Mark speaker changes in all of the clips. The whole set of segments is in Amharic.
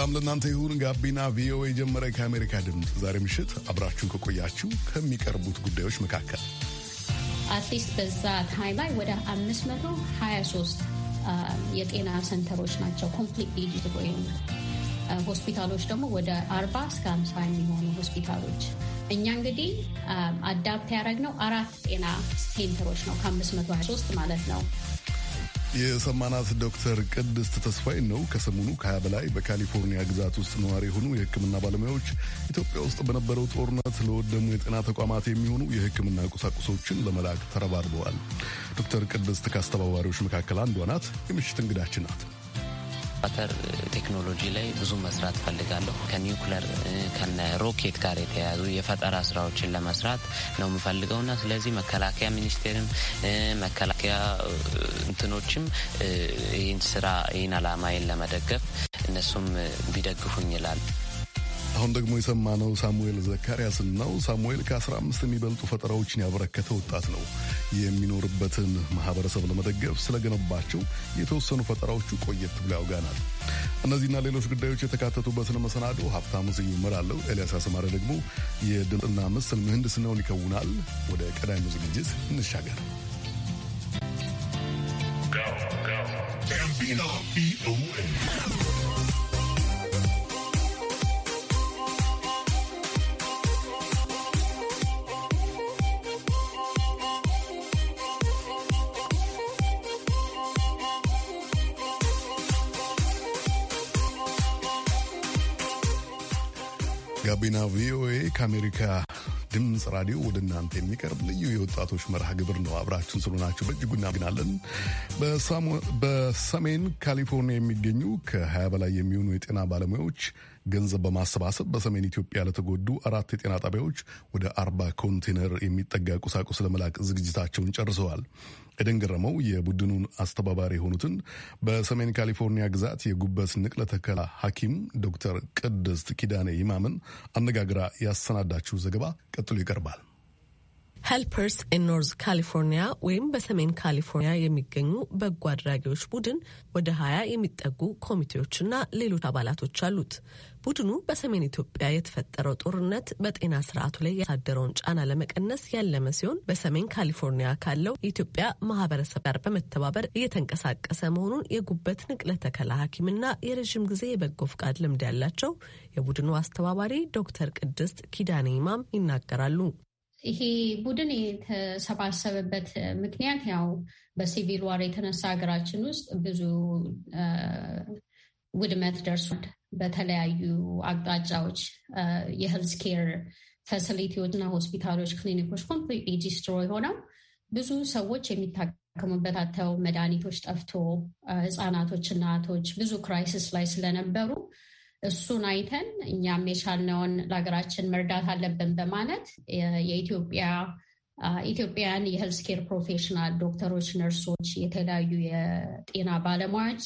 Speaker 1: ሰላም ለእናንተ ይሁን። ጋቢና ቪኦኤ ጀመረ ከአሜሪካ ድምፅ ዛሬ ምሽት አብራችሁን ከቆያችሁ ከሚቀርቡት ጉዳዮች መካከል
Speaker 2: አትሊስት በዛ ታይም ላይ ወደ 523 የጤና ሴንተሮች ናቸው ኮምፕሊት ዲጂታል ሆስፒታሎች ደግሞ ወደ 40 እስከ 50 የሚሆኑ ሆስፒታሎች እኛ እንግዲህ አዳፕት ያደረግነው አራት ጤና ሴንተሮች ነው ከ523 ማለት ነው።
Speaker 1: የሰማናት ዶክተር ቅድስት ተስፋዬን ነው። ከሰሞኑ ከሀያ በላይ በካሊፎርኒያ ግዛት ውስጥ ነዋሪ የሆኑ የሕክምና ባለሙያዎች ኢትዮጵያ ውስጥ በነበረው ጦርነት ለወደሙ የጤና ተቋማት የሚሆኑ የሕክምና ቁሳቁሶችን ለመላክ ተረባርበዋል። ዶክተር ቅድስት ከአስተባባሪዎች መካከል አንዷ ናት። የምሽት እንግዳችን ናት።
Speaker 3: ዋተር ቴክኖሎጂ ላይ ብዙ መስራት ፈልጋለሁ። ከኒውክለር ከነ ሮኬት ጋር የተያያዙ የፈጠራ ስራዎችን ለመስራት ነው እና ስለዚህ መከላከያ ሚኒስቴርም መከላከያ እንትኖችም ይህን ስራ ይህን አላማይን ለመደገፍ እነሱም ቢደግፉኝ ይላል።
Speaker 1: አሁን ደግሞ የሰማነው ሳሙኤል ዘካርያስን ነው። ሳሙኤል ከ15 የሚበልጡ ፈጠራዎችን ያበረከተ ወጣት ነው። የሚኖርበትን ማህበረሰብ ለመደገፍ ስለገነባቸው የተወሰኑ ፈጠራዎቹ ቆየት ብሎ ያውጋናል። እነዚህና ሌሎች ጉዳዮች የተካተቱበትን መሰናዶ ሀብታሙ ስዩም እመራለሁ። ኤልያስ አስማረ ደግሞ የድምፅና ምስል ምህንድስናውን ይከውናል። ወደ ቀዳሚው ዝግጅት እንሻገር።
Speaker 2: ጋቢና ቪኦኤ
Speaker 1: ጋቢና ቪኦኤ ከአሜሪካ ድምፅ ራዲዮ ወደ እናንተ የሚቀርብ ልዩ የወጣቶች መርሃ ግብር ነው። አብራችን ስለሆናችሁ በእጅጉ እናመሰግናለን። በሰሜን ካሊፎርኒያ የሚገኙ ከ20 በላይ የሚሆኑ የጤና ባለሙያዎች ገንዘብ በማሰባሰብ በሰሜን ኢትዮጵያ ለተጎዱ አራት የጤና ጣቢያዎች ወደ አርባ ኮንቴነር የሚጠጋ ቁሳቁስ ለመላክ ዝግጅታቸውን ጨርሰዋል። ኤደን ገረመው የቡድኑን አስተባባሪ የሆኑትን በሰሜን ካሊፎርኒያ ግዛት የጉበት ንቅለ ተከላ ሐኪም ዶክተር ቅድስት ኪዳኔ ይማምን አነጋግራ ያሰናዳችው ዘገባ ቀጥሎ ይቀርባል።
Speaker 4: ሄልፐርስ ኢን ኖርዝ ካሊፎርኒያ ወይም በሰሜን ካሊፎርኒያ የሚገኙ በጎ አድራጊዎች ቡድን ወደ ሀያ የሚጠጉ ኮሚቴዎችና ሌሎች አባላቶች አሉት። ቡድኑ በሰሜን ኢትዮጵያ የተፈጠረው ጦርነት በጤና ስርዓቱ ላይ ያሳደረውን ጫና ለመቀነስ ያለመ ሲሆን በሰሜን ካሊፎርኒያ ካለው የኢትዮጵያ ማህበረሰብ ጋር በመተባበር እየተንቀሳቀሰ መሆኑን የጉበት ንቅለ ተከላ ሐኪምና የረዥም ጊዜ የበጎ ፍቃድ ልምድ ያላቸው የቡድኑ አስተባባሪ ዶክተር ቅድስት ኪዳኔ ኢማም ይናገራሉ።
Speaker 2: ይሄ ቡድን የተሰባሰበበት ምክንያት ያው በሲቪል ዋር የተነሳ ሀገራችን ውስጥ ብዙ ውድመት ደርሷል። በተለያዩ አቅጣጫዎች የሄልዝ ኬር ፋሲሊቲዎች እና ሆስፒታሎች፣ ክሊኒኮች ኮምፕሊት ዲስትሮይ ሆነው ብዙ ሰዎች የሚታከሙበት አተው መድኃኒቶች ጠፍቶ ህፃናቶች፣ እናቶች ብዙ ክራይሲስ ላይ ስለነበሩ እሱን አይተን እኛም የቻልነውን ለሀገራችን መርዳት አለብን በማለት የኢትዮጵያ ኢትዮጵያን የሄልስ ፕሮፌሽናል ዶክተሮች፣ ነርሶች፣ የተለያዩ የጤና ባለሙያዎች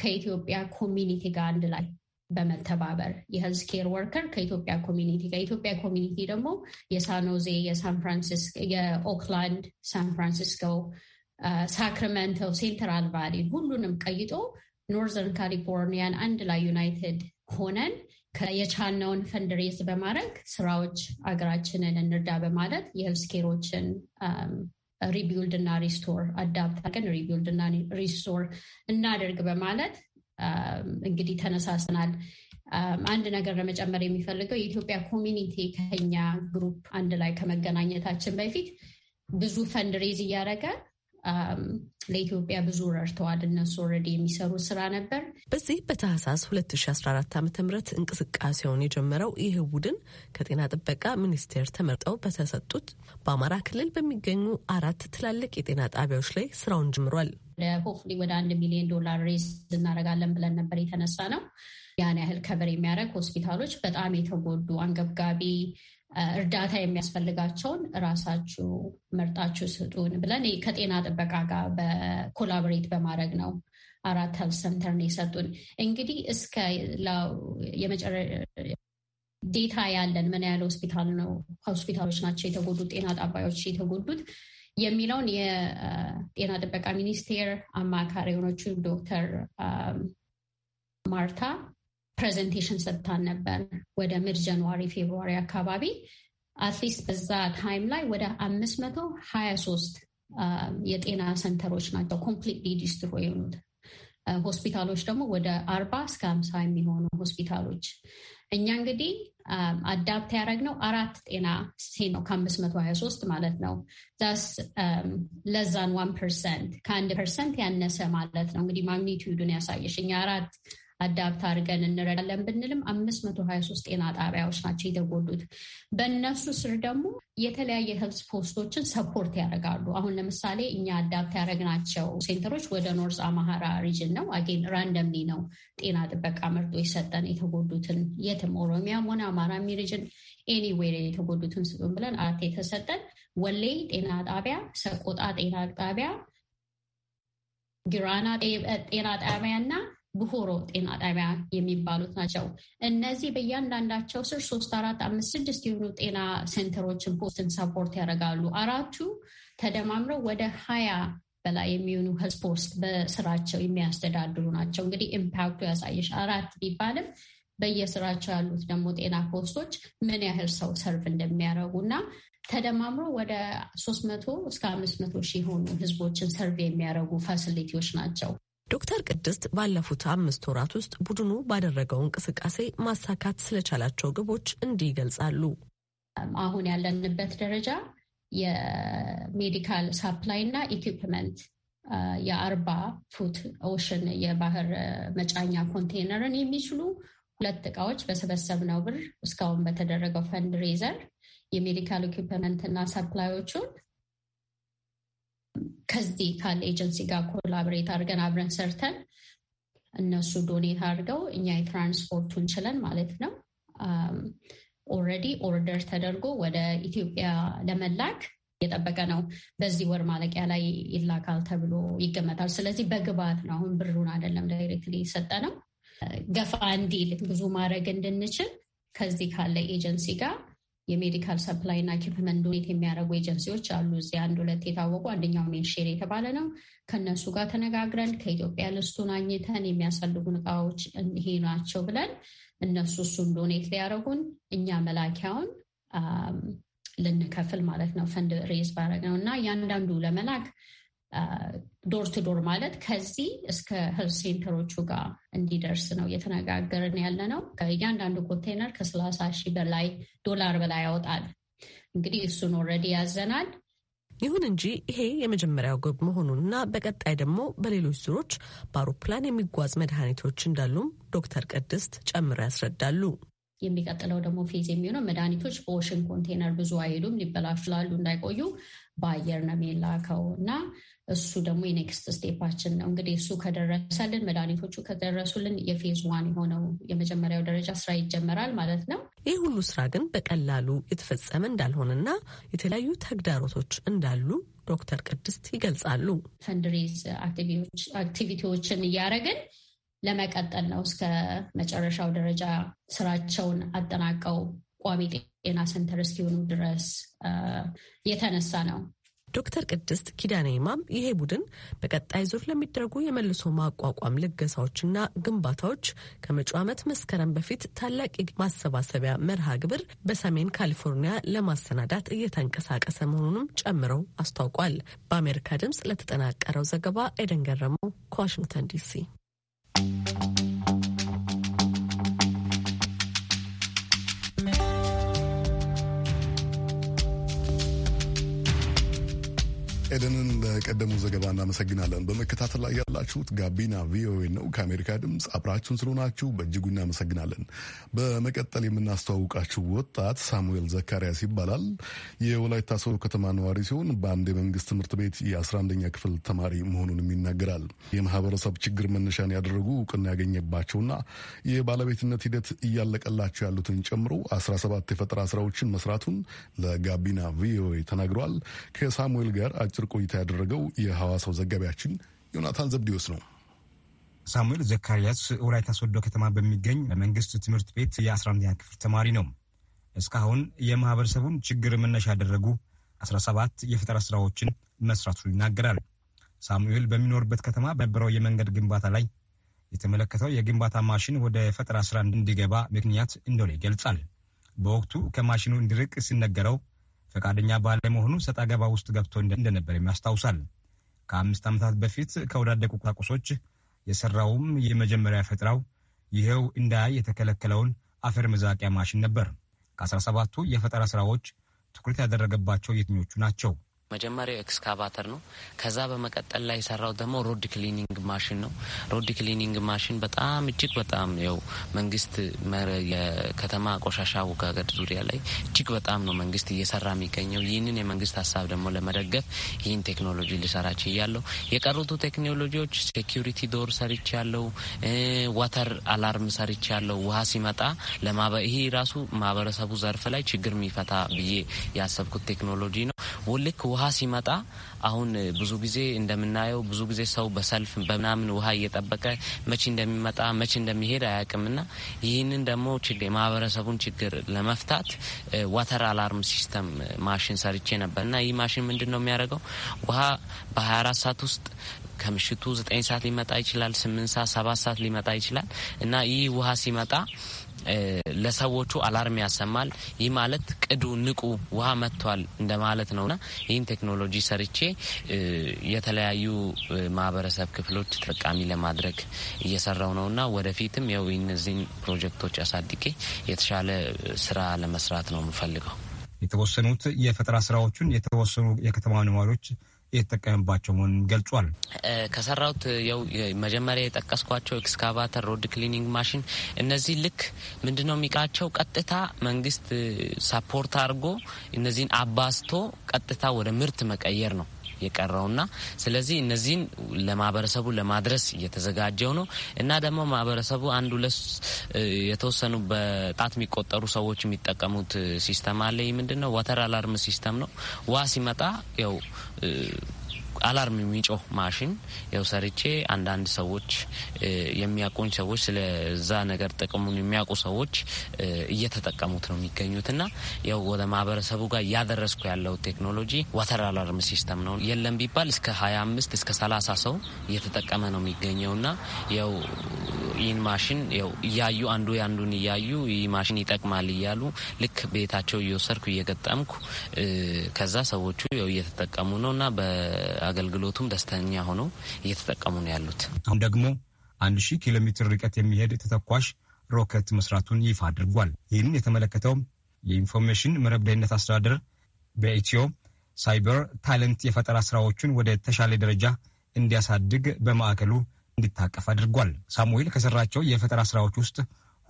Speaker 2: ከኢትዮጵያ ኮሚኒቲ ጋር አንድ ላይ በመተባበር የሄልስ ወርከር ከኢትዮጵያ ኮሚኒቲ ጋር የኢትዮጵያ ኮሚኒቲ ደግሞ የሳኖዜ፣ የሳን ፍራንሲስኮ፣ የኦክላንድ፣ ሳን ፍራንሲስኮ፣ ሳክራሜንቶ፣ ሴንትራል ቫሊ ሁሉንም ቀይጦ ኖርዘርን ካሊፎርኒያን አንድ ላይ ዩናይትድ ሆነን የቻልነውን ፈንድሬስ በማድረግ ስራዎች አገራችንን እንርዳ በማለት የህልስኬሮችን ሪቢውልድ um, እና ሪስቶር አዳፕት አድርገን ሪቢውልድ እና ሪስቶር እናደርግ በማለት um, እንግዲህ ተነሳስናል። um, አንድ ነገር ለመጨመር የሚፈልገው የኢትዮጵያ ኮሚኒቲ ከኛ ግሩፕ አንድ ላይ ከመገናኘታችን በፊት ብዙ ፈንድሬዝ እያደረገ ለኢትዮጵያ ብዙ ረድተዋል። እነሱ ኦልሬዲ የሚሰሩ ስራ ነበር።
Speaker 4: በዚህ በታህሳስ 2014 ዓ ም እንቅስቃሴውን የጀመረው ይህ ቡድን ከጤና ጥበቃ ሚኒስቴር ተመርጠው በተሰጡት በአማራ ክልል በሚገኙ አራት ትላልቅ የጤና ጣቢያዎች ላይ ስራውን ጀምሯል።
Speaker 2: ሆፍሊ ወደ አንድ ሚሊዮን ዶላር ሬዝ እናደርጋለን ብለን ነበር የተነሳ ነው። ያን ያህል ከበር የሚያደርግ ሆስፒታሎች በጣም የተጎዱ አንገብጋቢ እርዳታ የሚያስፈልጋቸውን እራሳችሁ መርጣችሁ ስጡን ብለን ከጤና ጥበቃ ጋር በኮላቦሬት በማድረግ ነው አራት ሄልት ሰንተር ነው የሰጡን። እንግዲህ እስከ የመጨረ ዴታ ያለን ምን ያህል ሆስፒታል ነው ሆስፒታሎች ናቸው የተጎዱት ጤና ጣቢያዎች የተጎዱት የሚለውን የጤና ጥበቃ ሚኒስቴር አማካሪ የሆነችው ዶክተር ማርታ ፕሬዘንቴሽን ሰጥታን ነበር ወደ ምድ ጃንዋሪ ፌብሩዋሪ አካባቢ አትሊስት በዛ ታይም ላይ ወደ አምስት መቶ ሀያ ሶስት የጤና ሰንተሮች ናቸው ኮምፕሊት ዲስትሮ የሆኑት። ሆስፒታሎች ደግሞ ወደ አርባ እስከ ሀምሳ የሚሆኑ ሆስፒታሎች እኛ እንግዲህ አዳፕት ያደረግነው አራት ጤና ሴ ነው ከአምስት መቶ ሀያ ሶስት ማለት ነው። ዛስ ለዛን ዋን ፐርሰንት ከአንድ ፐርሰንት ያነሰ ማለት ነው። እንግዲህ ማግኒቱዱን ያሳየሽ እኛ አራት አዳብት አድርገን እንረዳለን ብንልም አምስት መቶ ሀያ ሶስት ጤና ጣቢያዎች ናቸው የተጎዱት። በእነሱ ስር ደግሞ የተለያየ ህብስ ፖስቶችን ሰፖርት ያደርጋሉ። አሁን ለምሳሌ እኛ አዳፕት ያደረግናቸው ሴንተሮች ወደ ኖርዝ አማራ ሪጅን ነው። አጌን ራንደምሊ ነው ጤና ጥበቃ መርጦ የሰጠን የተጎዱትን የትም ኦሮሚያም ሆነ አማራ ሪጅን ኤኒዌይ የተጎዱትን ስጡን ብለን አት የተሰጠን ወሌ ጤና ጣቢያ፣ ሰቆጣ ጤና ጣቢያ፣ ግራና ጤና ጣቢያ እና ብሆሮ ጤና ጣቢያ የሚባሉት ናቸው። እነዚህ በእያንዳንዳቸው ስር ሶስት፣ አራት፣ አምስት፣ ስድስት የሆኑ ጤና ሴንተሮችን ፖስትን ሰፖርት ያደርጋሉ። አራቱ ተደማምረው ወደ ሀያ በላይ የሚሆኑ ህዝብ ፖስት በስራቸው የሚያስተዳድሩ ናቸው። እንግዲህ ኢምፓክቱ ያሳየሽ አራት ቢባልም በየስራቸው ያሉት ደግሞ ጤና ፖስቶች ምን ያህል ሰው ሰርቭ እንደሚያደርጉ እና ተደማምሮ ወደ ሶስት መቶ እስከ አምስት መቶ ሺህ የሆኑ ህዝቦችን ሰርቭ የሚያደርጉ ፋሲሊቲዎች ናቸው።
Speaker 4: ዶክተር ቅድስት ባለፉት አምስት ወራት ውስጥ ቡድኑ ባደረገው እንቅስቃሴ ማሳካት ስለቻላቸው ግቦች እንዲህ ይገልጻሉ።
Speaker 2: አሁን ያለንበት ደረጃ የሜዲካል ሳፕላይ እና ኢኩፕመንት የአርባ ፉት ኦሽን የባህር መጫኛ ኮንቴነርን የሚችሉ ሁለት እቃዎች በሰበሰብነው ብር እስካሁን በተደረገው ፈንድሬዘር የሜዲካል ኢኩፕመንት እና ሰፕላዮቹን ከዚህ ካለ ኤጀንሲ ጋር ኮላብሬት አድርገን አብረን ሰርተን እነሱ ዶኔት አድርገው እኛ የትራንስፖርቱ እንችለን ማለት ነው። ኦልሬዲ um, ኦርደር ተደርጎ ወደ ኢትዮጵያ ለመላክ እየጠበቀ ነው። በዚህ ወር ማለቂያ ላይ ይላካል ተብሎ ይገመታል። ስለዚህ በግብአት ነው። አሁን ብሩን አይደለም ዳይሬክትሊ የሰጠ ነው። ገፋ እንዲል ብዙ ማድረግ እንድንችል ከዚህ ካለ ኤጀንሲ ጋር የሜዲካል ሰፕላይ እና ኢኩፕመንት ዶኔት የሚያደርጉ ኤጀንሲዎች አሉ። እዚህ አንድ ሁለት የታወቁ አንደኛው ሜንሼር የተባለ ነው። ከእነሱ ጋር ተነጋግረን ከኢትዮጵያ ልስቱን አግኝተን የሚያስፈልጉን እቃዎች ይሄ ናቸው ብለን እነሱ እሱን ዶኔት ሊያደርጉን እኛ መላኪያውን ልንከፍል ማለት ነው ፈንድ ሬዝ ባረግ ነው እና እያንዳንዱ ለመላክ ዶር ቱ ዶር ማለት ከዚህ እስከ ሄልዝ ሴንተሮቹ ጋር እንዲደርስ ነው እየተነጋገርን ያለ ነው። እያንዳንዱ ኮንቴነር ከሰላሳ ሺህ በላይ ዶላር በላይ ያወጣል። እንግዲህ እሱን ኦልሬዲ ያዘናል።
Speaker 4: ይሁን እንጂ ይሄ የመጀመሪያው ግብ መሆኑንና በቀጣይ ደግሞ በሌሎች ዙሮች በአውሮፕላን የሚጓዝ መድኃኒቶች እንዳሉም ዶክተር ቅድስት ጨምረው ያስረዳሉ።
Speaker 2: የሚቀጥለው ደግሞ ፌዝ የሚሆነው መድኃኒቶች በኦሽን ኮንቴነር ብዙ አይሄዱም፣ ሊበላሹ ላሉ እንዳይቆዩ በአየር ነው የሚላከው እና እሱ ደግሞ የኔክስት ስቴፓችን ነው። እንግዲህ እሱ ከደረሰልን መድኃኒቶቹ ከደረሱልን የፌዝ ዋን የሆነው የመጀመሪያው ደረጃ ስራ ይጀመራል ማለት ነው።
Speaker 4: ይህ ሁሉ ስራ ግን በቀላሉ የተፈጸመ እንዳልሆነና የተለያዩ ተግዳሮቶች እንዳሉ ዶክተር ቅድስት
Speaker 2: ይገልጻሉ። ፈንድሬዝ አክቲቪቲዎችን እያደረግን ለመቀጠል ነው እስከ መጨረሻው ደረጃ ስራቸውን አጠናቀው ቋሚ ጤና ሴንተር እስኪሆኑ ድረስ የተነሳ ነው
Speaker 4: ዶክተር ቅድስት ኪዳነ ይማም ይሄ ቡድን በቀጣይ ዙር ለሚደረጉ የመልሶ ማቋቋም ልገሳዎችና ግንባታዎች ከመጪው ዓመት መስከረም በፊት ታላቅ ማሰባሰቢያ መርሃ ግብር በሰሜን ካሊፎርኒያ ለማሰናዳት እየተንቀሳቀሰ መሆኑንም ጨምረው አስታውቋል። በአሜሪካ ድምጽ ለተጠናቀረው ዘገባ ኤደን ገረመው ከዋሽንግተን ዲሲ።
Speaker 1: ኤደንን ለቀደሙ ዘገባ እናመሰግናለን። በመከታተል ላይ ያላችሁት ጋቢና ቪኦኤ ነው። ከአሜሪካ ድምፅ አብራችሁን ስለሆናችሁ በእጅጉ እናመሰግናለን። በመቀጠል የምናስተዋውቃችሁ ወጣት ሳሙኤል ዘካሪያስ ይባላል። የወላይታ ሰው ከተማ ነዋሪ ሲሆን በአንድ የመንግስት ትምህርት ቤት የ11ኛ ክፍል ተማሪ መሆኑንም ይናገራል። የማህበረሰብ ችግር መነሻን ያደረጉ እውቅና ያገኘባቸውና የባለቤትነት ሂደት እያለቀላቸው ያሉትን ጨምሮ 17 የፈጠራ ስራዎችን መስራቱን ለጋቢና ቪኦኤ ተናግረዋል። ከሳሙኤል ጋር አጭር ቆይታ ያደረገው የሐዋሳው ዘጋቢያችን ዮናታን ዘብዲዮስ ነው።
Speaker 5: ሳሙኤል ዘካርያስ ወላይታ ሶዶ ከተማ በሚገኝ መንግስት ትምህርት ቤት የ11ኛ ክፍል ተማሪ ነው። እስካሁን የማህበረሰቡን ችግር መነሻ ያደረጉ 17 የፈጠራ ስራዎችን መስራቱ ይናገራል። ሳሙኤል በሚኖርበት ከተማ በነበረው የመንገድ ግንባታ ላይ የተመለከተው የግንባታ ማሽን ወደ ፈጠራ ስራ እንዲገባ ምክንያት እንደሆነ ይገልጻል። በወቅቱ ከማሽኑ እንዲርቅ ሲነገረው ፈቃደኛ ባለመሆኑ ሰጥ አገባ ውስጥ ገብቶ እንደነበር ያስታውሳል። ከአምስት ዓመታት በፊት ከወዳደቁ ቁሳቁሶች የሰራውም የመጀመሪያ ፈጠራው ይኸው እንዳያይ የተከለከለውን አፈር መዛቂያ ማሽን ነበር። ከ17ቱ የፈጠራ ስራዎች ትኩረት ያደረገባቸው የትኞቹ ናቸው?
Speaker 3: መጀመሪያው ኤክስካቫተር ነው። ከዛ በመቀጠል ላይ የሰራው ደግሞ ሮድ ክሊኒንግ ማሽን ነው። ሮድ ክሊኒንግ ማሽን በጣም እጅግ በጣም ያው መንግስት የከተማ ቆሻሻ አወጋገድ ዙሪያ ላይ እጅግ በጣም ነው መንግስት እየሰራ የሚገኘው። ይህንን የመንግስት ሀሳብ ደግሞ ለመደገፍ ይህን ቴክኖሎጂ ልሰራ ችያለሁ። የቀሩቱ ቴክኖሎጂዎች ሴኪሪቲ ዶር ሰርች ያለው፣ ዋተር አላርም ሰርች ያለው ውሃ ሲመጣ ለማበ ይህ ራሱ ማህበረሰቡ ዘርፍ ላይ ችግር የሚፈታ ብዬ ያሰብኩት ቴክኖሎጂ ነው። ልክ ውሃ ሲመጣ አሁን ብዙ ጊዜ እንደምናየው ብዙ ጊዜ ሰው በሰልፍ በምናምን ውሃ እየጠበቀ መቼ እንደሚመጣ መቼ እንደሚሄድ አያውቅምና ይህንን ደግሞ የማህበረሰቡን ችግር ለመፍታት ዋተር አላርም ሲስተም ማሽን ሰርቼ እና ይህ ማሽን ምንድን ነው የሚያደርገው ውሃ በ24 ሰዓት ውስጥ ከምሽቱ ዘጠኝ ሰዓት ሊመጣ ይችላል፣ 8 ሰዓት፣ ሰባት ሰዓት ሊመጣ ይችላል እና ይህ ውሃ ሲመጣ ለሰዎቹ አላርም ያሰማል። ይህ ማለት ቅዱ፣ ንቁ፣ ውሃ መጥቷል እንደማለት ነውና ይህን ቴክኖሎጂ ሰርቼ የተለያዩ ማህበረሰብ ክፍሎች ተጠቃሚ ለማድረግ እየሰራው ነውና ወደፊትም ያው እነዚህን ፕሮጀክቶች አሳድጌ የተሻለ ስራ ለመስራት ነው የምፈልገው።
Speaker 5: የተወሰኑት የፈጠራ ስራዎቹን የተወሰኑ የከተማ ነዋሪዎች እየተጠቀምባቸው መሆኑን ገልጿል።
Speaker 3: ከሰራሁት መጀመሪያ የጠቀስኳቸው ኤክስካቫተር፣ ሮድ ክሊኒንግ ማሽን እነዚህ ልክ ምንድነው የሚቃቸው ቀጥታ መንግስት ሳፖርት አድርጎ እነዚህን አባስቶ ቀጥታ ወደ ምርት መቀየር ነው። የቀረውና ስለዚህ እነዚህን ለማህበረሰቡ ለማድረስ እየተዘጋጀው ነው እና ደግሞ ማህበረሰቡ አንድ ሁለት የተወሰኑ በጣት የሚቆጠሩ ሰዎች የሚጠቀሙት ሲስተም አለ። ይህ ምንድን ነው? አላርም ሲስተም ነው። ዋ ሲመጣ ያው አላርም የሚጮህ ማሽን ያው ሰርቼ አንዳንድ ሰዎች የሚያቁኝ ሰዎች ስለዛ ነገር ጥቅሙን የሚያውቁ ሰዎች እየተጠቀሙት ነው የሚገኙትና ያው ወደ ማህበረሰቡ ጋር እያደረስኩ ያለው ቴክኖሎጂ ዋተር አላርም ሲስተም ነው። የለም ቢባል እስከ 25 እስከ 30 ሰው እየተጠቀመ ነው የሚገኘውና ያው ይህን ማሽን ያው እያዩ አንዱ ያንዱን እያዩ ይህ ማሽን ይጠቅማል እያሉ ልክ ቤታቸው እየወሰድኩ እየገጠምኩ ከዛ ሰዎቹ ያው እየተጠቀሙ ነው ና አገልግሎቱም ደስተኛ ሆኖ እየተጠቀሙ ነው ያሉት።
Speaker 5: አሁን ደግሞ አንድ ሺህ ኪሎ ሜትር ርቀት የሚሄድ ተተኳሽ ሮኬት መስራቱን ይፋ አድርጓል። ይህንን የተመለከተው የኢንፎርሜሽን መረብ ደህንነት አስተዳደር በኢትዮ ሳይበር ታለንት የፈጠራ ስራዎቹን ወደ ተሻለ ደረጃ እንዲያሳድግ በማዕከሉ እንዲታቀፍ አድርጓል። ሳሙኤል ከሰራቸው የፈጠራ ስራዎች ውስጥ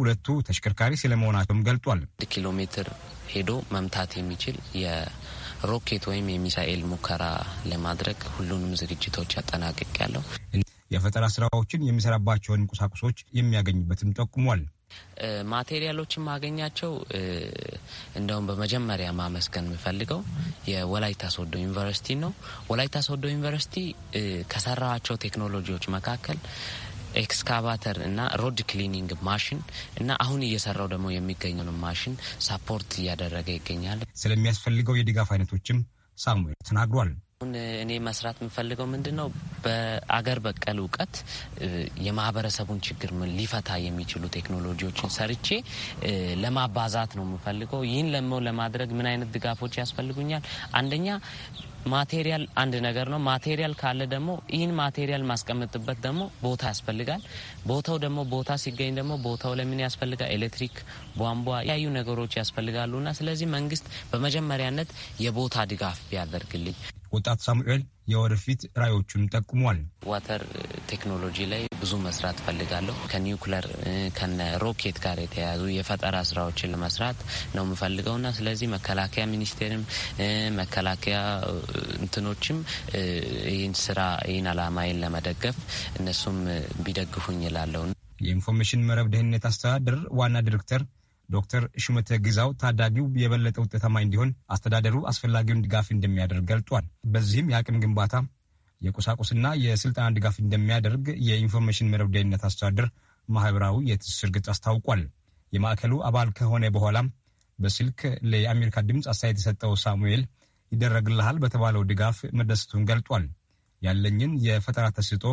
Speaker 5: ሁለቱ ተሽከርካሪ ስለመሆናቸውም ገልጧል።
Speaker 3: ኪሎ ሜትር ሄዶ መምታት የሚችል ሮኬት ወይም የሚሳኤል ሙከራ ለማድረግ ሁሉንም ዝግጅቶች አጠናቅቅ ያለው
Speaker 5: የፈጠራ ስራዎችን የሚሰራባቸውን ቁሳቁሶች የሚያገኝበትም ጠቁሟል።
Speaker 3: ማቴሪያሎችን ማገኛቸው እንደውም በመጀመሪያ ማመስገን የምፈልገው የወላይታ ሶዶ ዩኒቨርሲቲ ነው። ወላይታ ሶዶ ዩኒቨርሲቲ ከሰራቸው ቴክኖሎጂዎች መካከል ኤክስካቫተር እና ሮድ ክሊኒንግ ማሽን እና አሁን እየሰራው ደግሞ
Speaker 5: የሚገኘውን ማሽን ሳፖርት እያደረገ ይገኛል። ስለሚያስፈልገው የድጋፍ አይነቶችም ሳሙኤል ተናግሯል።
Speaker 3: አሁን እኔ መስራት የምፈልገው ምንድን ነው? በአገር በቀል እውቀት የማህበረሰቡን ችግር ሊፈታ የሚችሉ ቴክኖሎጂዎችን ሰርቼ ለማባዛት ነው የምፈልገው። ይህን ለመው ለማድረግ ምን አይነት ድጋፎች ያስፈልጉኛል? አንደኛ ማቴሪያል አንድ ነገር ነው። ማቴሪያል ካለ ደግሞ ይህን ማቴሪያል ማስቀምጥበት ደግሞ ቦታ ያስፈልጋል። ቦታው ደግሞ ቦታ ሲገኝ ደግሞ ቦታው ለምን ያስፈልጋል? ኤሌክትሪክ፣ ቧንቧ፣ ያዩ ነገሮች እና ስለዚህ መንግስት በመጀመሪያነት የቦታ ድጋፍ
Speaker 5: ቢያደርግልኝ ወጣት ሳሙኤል የወደፊት ራዮቹን ጠቁሟል። ዋተር ቴክኖሎጂ
Speaker 3: ላይ ብዙ መስራት ፈልጋለሁ። ከኒውክለር ከነ ሮኬት ጋር የተያያዙ የፈጠራ ስራዎችን ለመስራት ነው ና ስለዚህ መከላከያ ሚኒስቴርም መከላከያ እንትኖችም ይህን ስራ ይህን አላማይን ለመደገፍ እነሱም ቢደግፉኝ ይላለሁ።
Speaker 5: የኢንፎርሜሽን መረብ ደህንነት አስተዳደር ዋና ዲሬክተር ዶክተር ሹመተ ግዛው ታዳጊው የበለጠ ውጤታማ እንዲሆን አስተዳደሩ አስፈላጊውን ድጋፍ እንደሚያደርግ ገልጧል። በዚህም የአቅም ግንባታ፣ የቁሳቁስና የስልጠና ድጋፍ እንደሚያደርግ የኢንፎርሜሽን መረብ ደህንነት አስተዳደር ማህበራዊ የትስስር ገጽ አስታውቋል። የማዕከሉ አባል ከሆነ በኋላም በስልክ ለአሜሪካ ድምፅ አስተያየት የሰጠው ሳሙኤል ይደረግልሃል በተባለው ድጋፍ መደሰቱን ገልጧል። ያለኝን የፈጠራ ተስጦ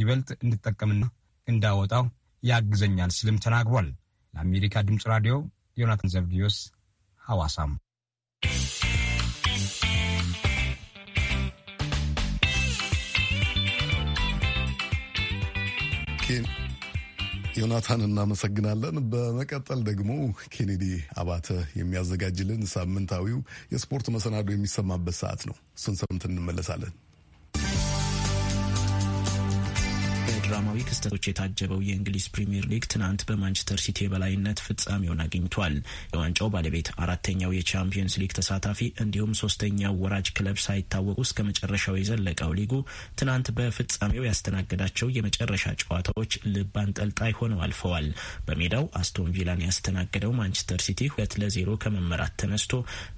Speaker 5: ይበልጥ እንድጠቀምና እንዳወጣው ያግዘኛል ስልም ተናግሯል። ለአሜሪካ ድምፅ ራዲዮ ዮናታን ዘብዲዮስ ሐዋሳም
Speaker 1: ዮናታን እናመሰግናለን። በመቀጠል ደግሞ ኬኔዲ አባተ የሚያዘጋጅልን ሳምንታዊው የስፖርት መሰናዶ የሚሰማበት ሰዓት ነው። እሱን ሰምተን እንመለሳለን።
Speaker 6: በድራማዊ ክስተቶች የታጀበው የእንግሊዝ ፕሪምየር ሊግ ትናንት በማንቸስተር ሲቲ የበላይነት ፍጻሜውን አግኝቷል። የዋንጫው ባለቤት አራተኛው የቻምፒየንስ ሊግ ተሳታፊ እንዲሁም ሶስተኛው ወራጅ ክለብ ሳይታወቁ እስከ መጨረሻው የዘለቀው ሊጉ ትናንት በፍጻሜው ያስተናገዳቸው የመጨረሻ ጨዋታዎች ልብ አንጠልጣይ ሆነው አልፈዋል። በሜዳው አስቶን ቪላን ያስተናገደው ማንቸስተር ሲቲ ሁለት ለዜሮ ከመመራት ተነስቶ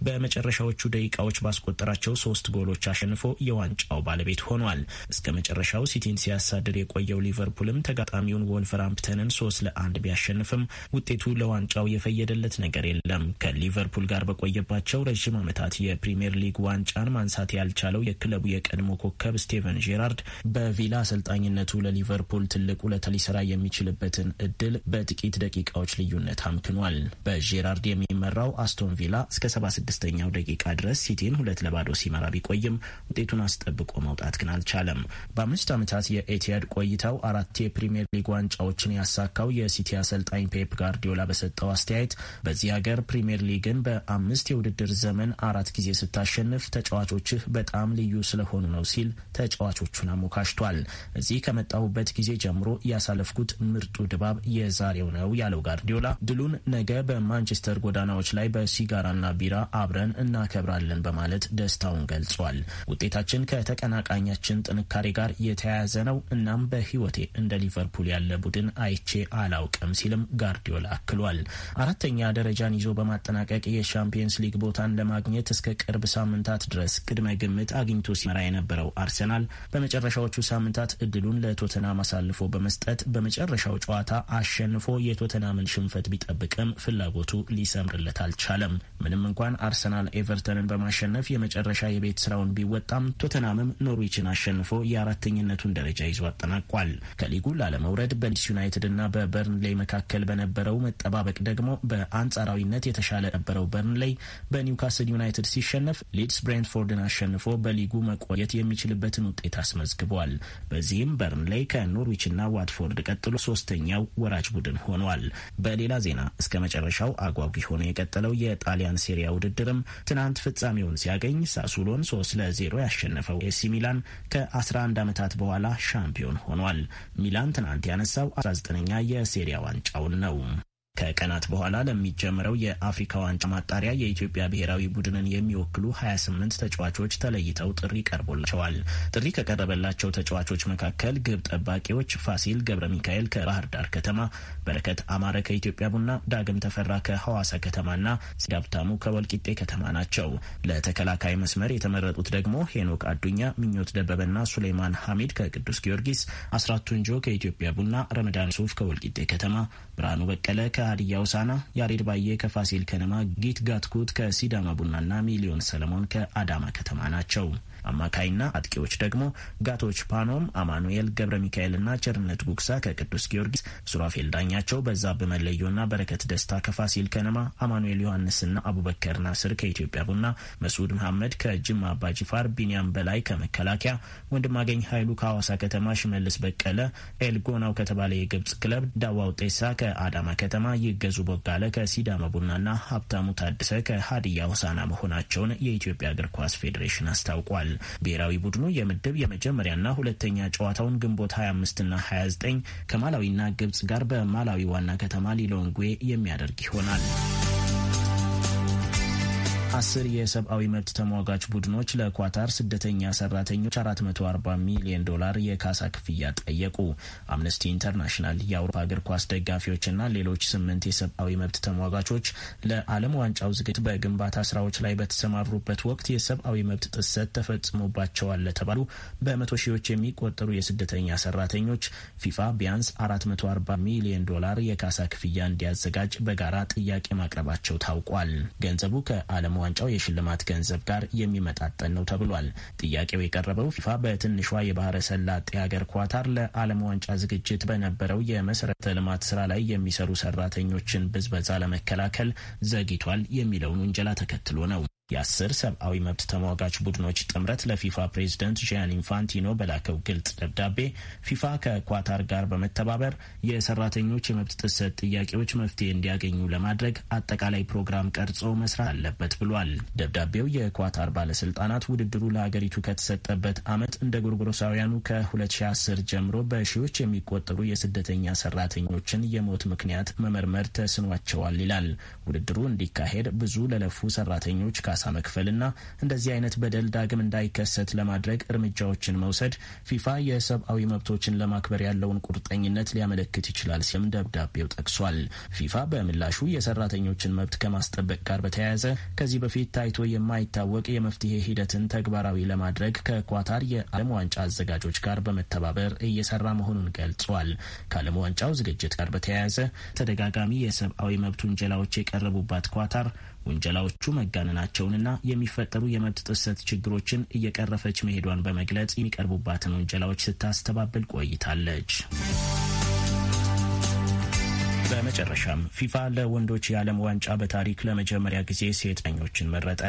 Speaker 6: በመጨረሻዎቹ ደቂቃዎች ባስቆጠራቸው ሶስት ጎሎች አሸንፎ የዋንጫው ባለቤት ሆኗል። እስከ መጨረሻው ሲቲን ሲያሳድር የቆየው ያለው ሊቨርፑልም ተጋጣሚውን ወልቨርሃምፕተንን ሶስት ለአንድ ቢያሸንፍም ውጤቱ ለዋንጫው የፈየደለት ነገር የለም። ከሊቨርፑል ጋር በቆየባቸው ረዥም ዓመታት የፕሪምየር ሊግ ዋንጫን ማንሳት ያልቻለው የክለቡ የቀድሞ ኮከብ ስቴቨን ጄራርድ በቪላ አሰልጣኝነቱ ለሊቨርፑል ትልቅ ውለታ ሊሰራ የሚችልበትን እድል በጥቂት ደቂቃዎች ልዩነት አምክኗል። በጄራርድ የሚመራው አስቶን ቪላ እስከ 76ኛው ደቂቃ ድረስ ሲቲን ሁለት ለባዶ ሲመራ ቢቆይም ውጤቱን አስጠብቆ መውጣት ግን አልቻለም። በአምስት ዓመታት የኤቲያድ ቆይታ ተለያይተው አራት የፕሪምየር ሊግ ዋንጫዎችን ያሳካው የሲቲ አሰልጣኝ ፔፕ ጋርዲዮላ በሰጠው አስተያየት በዚህ ሀገር ፕሪምየር ሊግን በአምስት የውድድር ዘመን አራት ጊዜ ስታሸንፍ ተጫዋቾችህ በጣም ልዩ ስለሆኑ ነው ሲል ተጫዋቾቹን አሞካሽቷል። እዚህ ከመጣሁበት ጊዜ ጀምሮ ያሳለፍኩት ምርጡ ድባብ የዛሬው ነው ያለው ጋርዲዮላ ድሉን ነገ በማንቸስተር ጎዳናዎች ላይ በሲጋራና ቢራ አብረን እናከብራለን በማለት ደስታውን ገልጿል። ውጤታችን ከተቀናቃኛችን ጥንካሬ ጋር የተያያዘ ነው። እናም በህ በሕይወቴ እንደ ሊቨርፑል ያለ ቡድን አይቼ አላውቅም ሲልም ጋርዲዮላ አክሏል። አራተኛ ደረጃን ይዞ በማጠናቀቅ የሻምፒየንስ ሊግ ቦታን ለማግኘት እስከ ቅርብ ሳምንታት ድረስ ቅድመ ግምት አግኝቶ ሲመራ የነበረው አርሰናል በመጨረሻዎቹ ሳምንታት እድሉን ለቶተናም አሳልፎ በመስጠት በመጨረሻው ጨዋታ አሸንፎ የቶተናምን ሽንፈት ቢጠብቅም ፍላጎቱ ሊሰምርለት አልቻለም። ምንም እንኳን አርሰናል ኤቨርተንን በማሸነፍ የመጨረሻ የቤት ስራውን ቢወጣም ቶተናምም ኖርዊችን አሸንፎ የአራተኝነቱን ደረጃ ይዞ አጠናቋል። ተጠናቋል። ከሊጉ ላለመውረድ በሊድስ ዩናይትድ እና በበርንሌይ መካከል በነበረው መጠባበቅ ደግሞ በአንጻራዊነት የተሻለ ነበረው። በርንሌይ በኒውካስል ዩናይትድ ሲሸነፍ፣ ሊድስ ብሬንትፎርድን አሸንፎ በሊጉ መቆየት የሚችልበትን ውጤት አስመዝግቧል። በዚህም በርንሌይ ከኖርዊችና ዋትፎርድ ቀጥሎ ሶስተኛው ወራጅ ቡድን ሆኗል። በሌላ ዜና እስከ መጨረሻው አጓጊ ሆኖ የቀጠለው የጣሊያን ሴሪያ ውድድርም ትናንት ፍጻሜውን ሲያገኝ ሳሱሎን ሶስት ለዜሮ ያሸነፈው ኤሲ ሚላን ከ11 ዓመታት በኋላ ሻምፒዮን ሆኗል። ተጠናቋል። ሚላን ትናንት ያነሳው 19ኛ የሴሪያ ዋንጫውን ነው። ከቀናት በኋላ ለሚጀምረው የአፍሪካ ዋንጫ ማጣሪያ የኢትዮጵያ ብሔራዊ ቡድንን የሚወክሉ 28 ተጫዋቾች ተለይተው ጥሪ ቀርቦላቸዋል። ጥሪ ከቀረበላቸው ተጫዋቾች መካከል ግብ ጠባቂዎች ፋሲል ገብረ ሚካኤል ከባህር ዳር ከተማ፣ በረከት አማረ ከኢትዮጵያ ቡና፣ ዳግም ተፈራ ከሐዋሳ ከተማና ሲዳብታሙ ከወልቂጤ ከተማ ናቸው። ለተከላካይ መስመር የተመረጡት ደግሞ ሄኖክ አዱኛ፣ ምኞት ደበበና ሱሌይማን ሐሚድ ከቅዱስ ጊዮርጊስ፣ አስራት ቱንጆ ከኢትዮጵያ ቡና፣ ረመዳን ሱፍ ከወልቂጤ ከተማ፣ ብርሃኑ በቀለ ከሀዲያ ውሳና፣ ያሬድ ባዬ ከፋሲል ከነማ፣ ጊት ጋትኩት ከሲዳማ ቡናና ሚሊዮን ሰለሞን ከአዳማ ከተማ ናቸው። አማካይና አጥቂዎች ደግሞ ጋቶች ፓኖም፣ አማኑኤል ገብረ ሚካኤልና ቸርነት ጉግሳ ከቅዱስ ጊዮርጊስ፣ ሱራፌል ዳኛቸው፣ በዛብህ መለዮና በረከት ደስታ ከፋሲል ከነማ፣ አማኑኤል ዮሐንስና አቡበከር ናስር ከኢትዮጵያ ቡና፣ መስዑድ መሐመድ ከጅማ አባጂፋር፣ ቢንያም በላይ ከመከላከያ፣ ወንድማገኝ ኃይሉ ከሐዋሳ ከተማ፣ ሽመልስ በቀለ ኤልጎናው ከተባለ የግብጽ ክለብ፣ ዳዋው ጤሳ ከአዳማ ከተማ፣ ይገዙ ቦጋለ ከሲዳማ ቡናና ሀብታሙ ታድሰ ከሀዲያ ሆሳና መሆናቸውን የኢትዮጵያ እግር ኳስ ፌዴሬሽን አስታውቋል። ብሔራዊ ቡድኑ የምድብ የመጀመሪያና ሁለተኛ ጨዋታውን ግንቦት 25ና 29 ከማላዊና ግብጽ ጋር በማላዊ ዋና ከተማ ሊሎንግዌ የሚያደርግ ይሆናል። አስር የሰብአዊ መብት ተሟጋች ቡድኖች ለኳታር ስደተኛ ሰራተኞች 440 ሚሊዮን ዶላር የካሳ ክፍያ ጠየቁ። አምነስቲ ኢንተርናሽናል፣ የአውሮፓ እግር ኳስ ደጋፊዎችና ሌሎች ስምንት የሰብአዊ መብት ተሟጋቾች ለዓለም ዋንጫው ዝግጅት በግንባታ ስራዎች ላይ በተሰማሩበት ወቅት የሰብአዊ መብት ጥሰት ተፈጽሞባቸዋል ለተባሉ በመቶ ሺዎች የሚቆጠሩ የስደተኛ ሰራተኞች ፊፋ ቢያንስ 440 ሚሊዮን ዶላር የካሳ ክፍያ እንዲያዘጋጅ በጋራ ጥያቄ ማቅረባቸው ታውቋል። ገንዘቡ ከዓለም ዋንጫው የሽልማት ገንዘብ ጋር የሚመጣጠን ነው ተብሏል። ጥያቄው የቀረበው ፊፋ በትንሿ የባህረ ሰላጤ ሀገር ኳታር ለዓለም ዋንጫ ዝግጅት በነበረው የመሰረተ ልማት ስራ ላይ የሚሰሩ ሰራተኞችን ብዝበዛ ለመከላከል ዘግቷል የሚለውን ውንጀላ ተከትሎ ነው። የአስር ሰብአዊ መብት ተሟጋች ቡድኖች ጥምረት ለፊፋ ፕሬዚደንት ዣን ኢንፋንቲኖ በላከው ግልጽ ደብዳቤ ፊፋ ከኳታር ጋር በመተባበር የሰራተኞች የመብት ጥሰት ጥያቄዎች መፍትሄ እንዲያገኙ ለማድረግ አጠቃላይ ፕሮግራም ቀርጾ መስራት አለበት ብሏል። ደብዳቤው የኳታር ባለስልጣናት ውድድሩ ለሀገሪቱ ከተሰጠበት ዓመት እንደ ጎርጎሮሳውያኑ ከ2010 ጀምሮ በሺዎች የሚቆጠሩ የስደተኛ ሰራተኞችን የሞት ምክንያት መመርመር ተስኗቸዋል ይላል። ውድድሩ እንዲካሄድ ብዙ ለለፉ ሰራተኞች ካሳ መክፈልና እንደዚህ አይነት በደል ዳግም እንዳይከሰት ለማድረግ እርምጃዎችን መውሰድ ፊፋ የሰብአዊ መብቶችን ለማክበር ያለውን ቁርጠኝነት ሊያመለክት ይችላል ሲልም ደብዳቤው ጠቅሷል። ፊፋ በምላሹ የሰራተኞችን መብት ከማስጠበቅ ጋር በተያያዘ ከዚህ በፊት ታይቶ የማይታወቅ የመፍትሄ ሂደትን ተግባራዊ ለማድረግ ከኳታር የዓለም ዋንጫ አዘጋጆች ጋር በመተባበር እየሰራ መሆኑን ገልጿል። ከዓለም ዋንጫው ዝግጅት ጋር በተያያዘ ተደጋጋሚ የሰብአዊ መብት ውንጀላዎች የቀረቡባት ኳታር ውንጀላዎቹ መጋነናቸውንና የሚፈጠሩ የመብት ጥሰት ችግሮችን እየቀረፈች መሄዷን በመግለጽ የሚቀርቡባትን ውንጀላዎች ስታስተባብል ቆይታለች። በመጨረሻም ፊፋ ለወንዶች የዓለም ዋንጫ በታሪክ ለመጀመሪያ ጊዜ ሴት ዳኞችን መረጠ።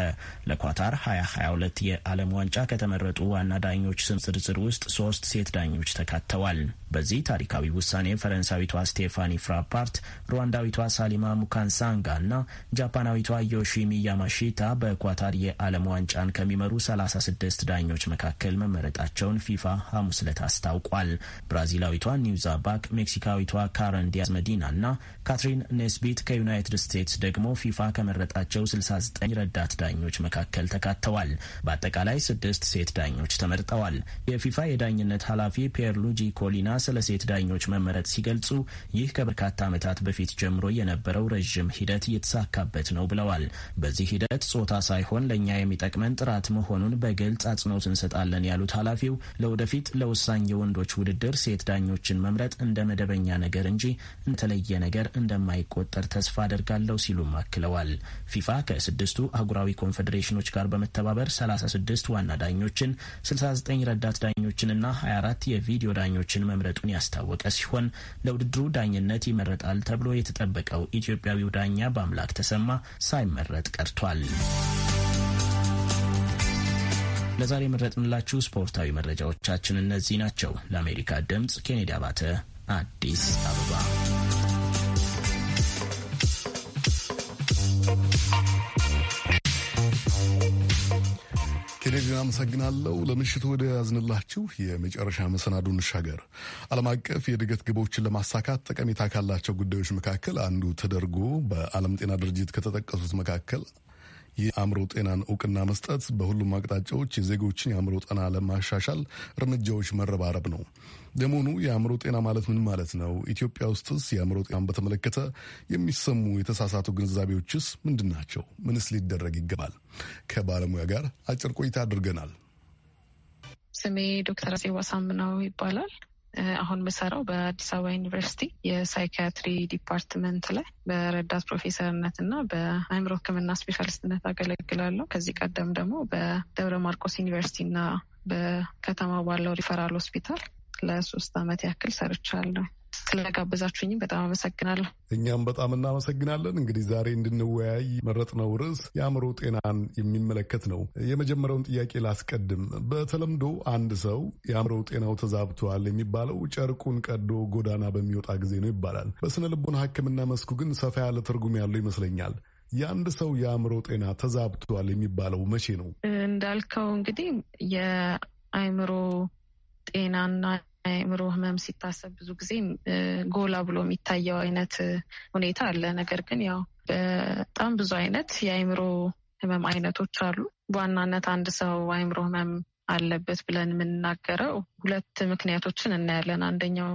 Speaker 6: ለኳታር 2022 የዓለም ዋንጫ ከተመረጡ ዋና ዳኞች ስም ዝርዝር ውስጥ ሶስት ሴት ዳኞች ተካተዋል። በዚህ ታሪካዊ ውሳኔ ፈረንሳዊቷ ስቴፋኒ ፍራፓርት፣ ሩዋንዳዊቷ ሳሊማ ሙካንሳንጋ እና ጃፓናዊቷ ዮሺሚ ያማሺታ በኳታር የዓለም ዋንጫን ከሚመሩ 36 ዳኞች መካከል መመረጣቸውን ፊፋ ሐሙስ ዕለት አስታውቋል። ብራዚላዊቷ ኒውዛ ባክ፣ ሜክሲካዊቷ ካረን ዲያዝ መዲና እና ካትሪን ኔስቢት ከዩናይትድ ስቴትስ ደግሞ ፊፋ ከመረጣቸው 69 ረዳት ዳኞች መካከል ተካተዋል። በአጠቃላይ ስድስት ሴት ዳኞች ተመርጠዋል። የፊፋ የዳኝነት ኃላፊ ፒየር ሉጂ ኮሊና ስለ ሴት ዳኞች መመረጥ ሲገልጹ ይህ ከበርካታ ዓመታት በፊት ጀምሮ የነበረው ረዥም ሂደት እየተሳካበት ነው ብለዋል። በዚህ ሂደት ጾታ ሳይሆን ለእኛ የሚጠቅመን ጥራት መሆኑን በግልጽ አጽንኦት እንሰጣለን ያሉት ኃላፊው ለወደፊት ለወሳኝ የወንዶች ውድድር ሴት ዳኞችን መምረጥ እንደ መደበኛ ነገር እንጂ እንደተለየ የተለየ ነገር እንደማይቆጠር ተስፋ አደርጋለሁ ሲሉም አክለዋል። ፊፋ ከስድስቱ አህጉራዊ ኮንፌዴሬሽኖች ጋር በመተባበር 36 ዋና ዳኞችን፣ 69 ረዳት ዳኞችንና 24 የቪዲዮ ዳኞችን መምረጡን ያስታወቀ ሲሆን ለውድድሩ ዳኝነት ይመረጣል ተብሎ የተጠበቀው ኢትዮጵያዊው ዳኛ በአምላክ ተሰማ ሳይመረጥ ቀርቷል። ለዛሬ የመረጥንላችሁ ስፖርታዊ መረጃዎቻችን እነዚህ ናቸው። ለአሜሪካ ድምፅ ኬኔዲ አባተ አዲስ አበባ
Speaker 1: ኬኔዲን አመሰግናለሁ። ለምሽቱ ወደ ያዝንላችሁ የመጨረሻ መሰናዱ እንሻገር። ዓለም አቀፍ የእድገት ግቦችን ለማሳካት ጠቀሜታ ካላቸው ጉዳዮች መካከል አንዱ ተደርጎ በዓለም ጤና ድርጅት ከተጠቀሱት መካከል የአእምሮ ጤናን እውቅና መስጠት በሁሉም አቅጣጫዎች የዜጎችን የአእምሮ ጤና ለማሻሻል እርምጃዎች መረባረብ ነው። ለመሆኑ የአእምሮ ጤና ማለት ምን ማለት ነው? ኢትዮጵያ ውስጥስ የአእምሮ ጤናን በተመለከተ የሚሰሙ የተሳሳቱ ግንዛቤዎችስ ምንድን ናቸው? ምንስ ሊደረግ ይገባል? ከባለሙያ ጋር አጭር ቆይታ አድርገናል።
Speaker 7: ስሜ ዶክተር አዜብ አሳምነው ይባላል። አሁን የምሰራው በአዲስ አበባ ዩኒቨርሲቲ የሳይኪያትሪ ዲፓርትመንት ላይ በረዳት ፕሮፌሰርነት እና በአእምሮ ሕክምና ስፔሻሊስትነት አገለግላለሁ። ከዚህ ቀደም ደግሞ በደብረ ማርቆስ ዩኒቨርሲቲ እና በከተማው ባለው ሪፈራል ሆስፒታል ለሶስት አመት ያክል ሰርቻለሁ። ስለጋበዛችሁኝም በጣም አመሰግናለሁ።
Speaker 1: እኛም በጣም እናመሰግናለን። እንግዲህ ዛሬ እንድንወያይ መረጥነው ርዕስ የአእምሮ ጤናን የሚመለከት ነው። የመጀመሪያውን ጥያቄ ላስቀድም። በተለምዶ አንድ ሰው የአእምሮ ጤናው ተዛብቷል የሚባለው ጨርቁን ቀዶ ጎዳና በሚወጣ ጊዜ ነው ይባላል። በስነ ልቦና ሕክምና መስኩ ግን ሰፋ ያለ ትርጉም ያለው ይመስለኛል። የአንድ ሰው የአእምሮ ጤና ተዛብቷል የሚባለው መቼ ነው?
Speaker 7: እንዳልከው እንግዲህ የአእምሮ ጤናና የአእምሮ ህመም ሲታሰብ ብዙ ጊዜ ጎላ ብሎ የሚታየው አይነት ሁኔታ አለ። ነገር ግን ያው በጣም ብዙ አይነት የአእምሮ ህመም አይነቶች አሉ። በዋናነት አንድ ሰው አእምሮ ህመም አለበት ብለን የምንናገረው ሁለት ምክንያቶችን እናያለን። አንደኛው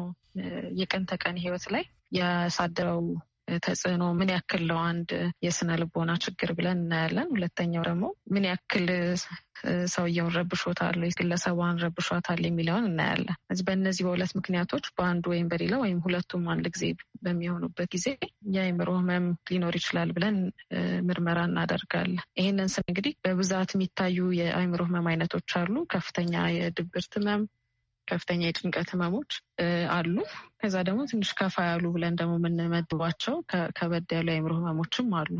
Speaker 7: የቀን ተቀን ህይወት ላይ ያሳደረው ተጽዕኖ ምን ያክል ነው አንድ የስነ ልቦና ችግር ብለን እናያለን። ሁለተኛው ደግሞ ምን ያክል ሰውየውን ረብሾታል፣ ግለሰቧን ረብሾታል የሚለውን እናያለን። እዚህ በእነዚህ በሁለት ምክንያቶች በአንዱ ወይም በሌላ ወይም ሁለቱም አንድ ጊዜ በሚሆኑበት ጊዜ የአእምሮ ህመም ሊኖር ይችላል ብለን ምርመራ እናደርጋለን። ይህንን ስን እንግዲህ በብዛት የሚታዩ የአእምሮ ህመም አይነቶች አሉ። ከፍተኛ የድብርት ህመም፣ ከፍተኛ የጭንቀት ህመሞች አሉ። ከዛ ደግሞ ትንሽ ከፋ ያሉ ብለን ደግሞ የምንመድባቸው ከበድ ያሉ የአእምሮ ህመሞችም አሉ።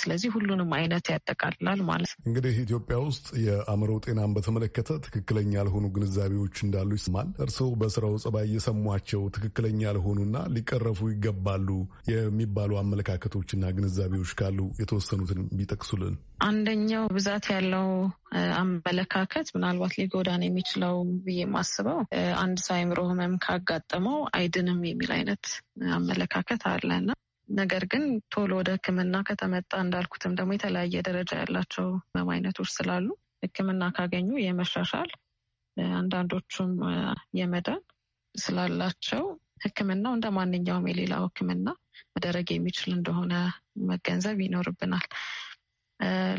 Speaker 7: ስለዚህ ሁሉንም አይነት ያጠቃልላል ማለት
Speaker 1: ነው። እንግዲህ ኢትዮጵያ ውስጥ የአእምሮ ጤናን በተመለከተ ትክክለኛ ያልሆኑ ግንዛቤዎች እንዳሉ ይሰማል። እርስዎ በስራው ጸባይ የሰሟቸው ትክክለኛ ያልሆኑና ሊቀረፉ ይገባሉ የሚባሉ አመለካከቶችና ግንዛቤዎች ካሉ የተወሰኑትን ቢጠቅሱልን።
Speaker 7: አንደኛው ብዛት ያለው አመለካከት ምናልባት ሊጎዳን የሚችለው ብዬ ማስበው አንድ ሰው አእምሮ ህመም ካጋጠመው አይድንም የሚል አይነት አመለካከት አለና ነገር ግን ቶሎ ወደ ሕክምና ከተመጣ እንዳልኩትም ደግሞ የተለያየ ደረጃ ያላቸው ህመም አይነቶች ስላሉ ሕክምና ካገኙ የመሻሻል አንዳንዶቹም የመዳን ስላላቸው ሕክምናው እንደ ማንኛውም የሌላው ሕክምና መደረግ የሚችል እንደሆነ መገንዘብ ይኖርብናል።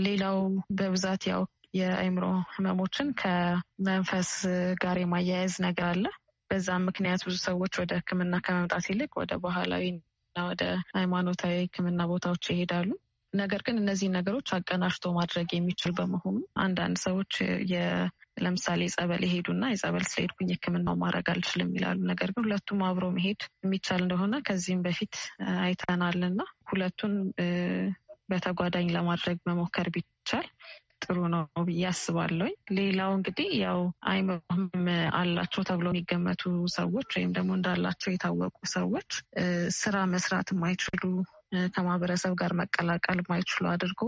Speaker 7: ሌላው በብዛት ያው የአእምሮ ህመሞችን ከመንፈስ ጋር የማያያዝ ነገር አለ። በዛም ምክንያት ብዙ ሰዎች ወደ ህክምና ከመምጣት ይልቅ ወደ ባህላዊ ወደ ሃይማኖታዊ ሕክምና ቦታዎች ይሄዳሉ። ነገር ግን እነዚህ ነገሮች አቀናሽቶ ማድረግ የሚችል በመሆኑ አንዳንድ ሰዎች ለምሳሌ ጸበል ይሄዱና የጸበል ስለሄድኩኝ ሕክምናው ማድረግ አልችልም ይላሉ። ነገር ግን ሁለቱም አብሮ መሄድ የሚቻል እንደሆነ ከዚህም በፊት አይተናልና ሁለቱን በተጓዳኝ ለማድረግ መሞከር ቢቻል ጥሩ ነው ብዬ አስባለሁኝ ሌላው እንግዲህ ያው አይምሮ አላቸው ተብሎ የሚገመቱ ሰዎች ወይም ደግሞ እንዳላቸው የታወቁ ሰዎች ስራ መስራት የማይችሉ ከማህበረሰብ ጋር መቀላቀል ማይችሉ አድርጎ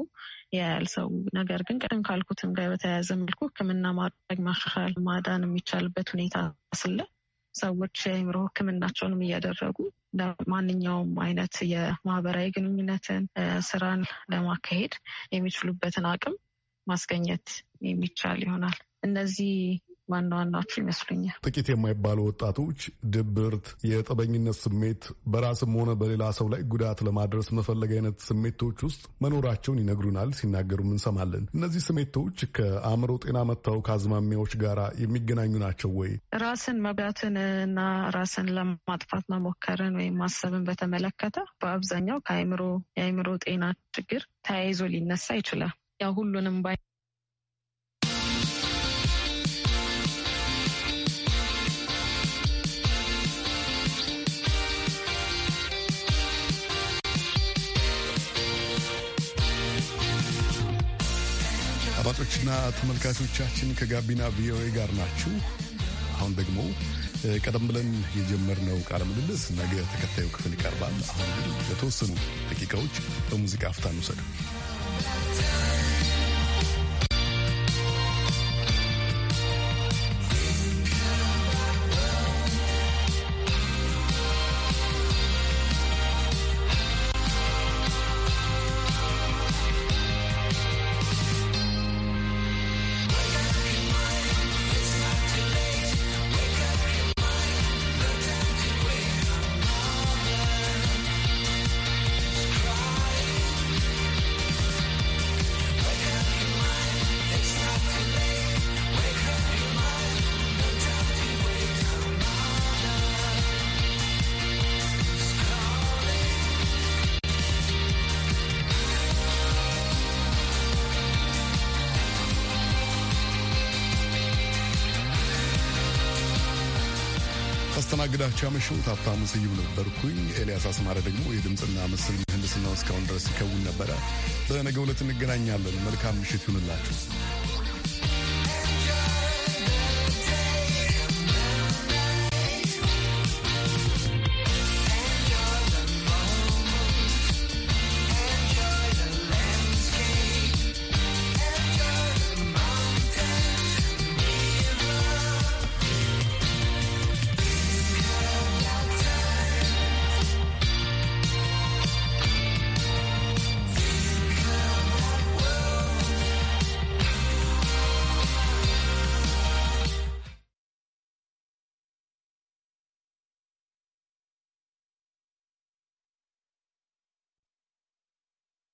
Speaker 7: ያያል ሰው። ነገር ግን ቅድም ካልኩትም ጋር በተያያዘ መልኩ ሕክምና ማድረግ ማሻሻል፣ ማዳን የሚቻልበት ሁኔታ ስለ ሰዎች የአእምሮ ሕክምናቸውንም እያደረጉ ማንኛውም አይነት የማህበራዊ ግንኙነትን ስራን ለማካሄድ የሚችሉበትን አቅም ማስገኘት የሚቻል ይሆናል። እነዚህ ዋና ዋናዎቹ ይመስሉኛል።
Speaker 1: ጥቂት የማይባሉ ወጣቶች ድብርት፣ የጠበኝነት ስሜት፣ በራስም ሆነ በሌላ ሰው ላይ ጉዳት ለማድረስ መፈለግ አይነት ስሜቶች ውስጥ መኖራቸውን ይነግሩናል፣ ሲናገሩም እንሰማለን። እነዚህ ስሜቶች ከአእምሮ ጤና መታወክ አዝማሚያዎች ጋር የሚገናኙ ናቸው ወይ?
Speaker 7: ራስን መጉዳትን እና ራስን ለማጥፋት መሞከርን ወይም ማሰብን በተመለከተ በአብዛኛው ከአእምሮ የአእምሮ ጤና ችግር ተያይዞ ሊነሳ ይችላል። ያው ሁሉንም ባይ
Speaker 1: አድማጮችና ተመልካቾቻችን ከጋቢና ቪኦኤ ጋር ናችሁ። አሁን ደግሞ ቀደም ብለን የጀመርነው ቃለ ምልልስ ነገ ተከታዩ ክፍል ይቀርባል። አሁን ግን ለተወሰኑ ደቂቃዎች በሙዚቃ አፍታን ውሰድ። Time. ታስተናግዳችሁ ያመሸሁት ሀብታሙ ስዩም ነበርኩኝ። ኤልያስ አስማረ ደግሞ የድምፅና ምስል ምህንድስናው እስካሁን ድረስ ይከውን ነበረ። በነገ ዕለት እንገናኛለን። መልካም ምሽት ይሁንላችሁ።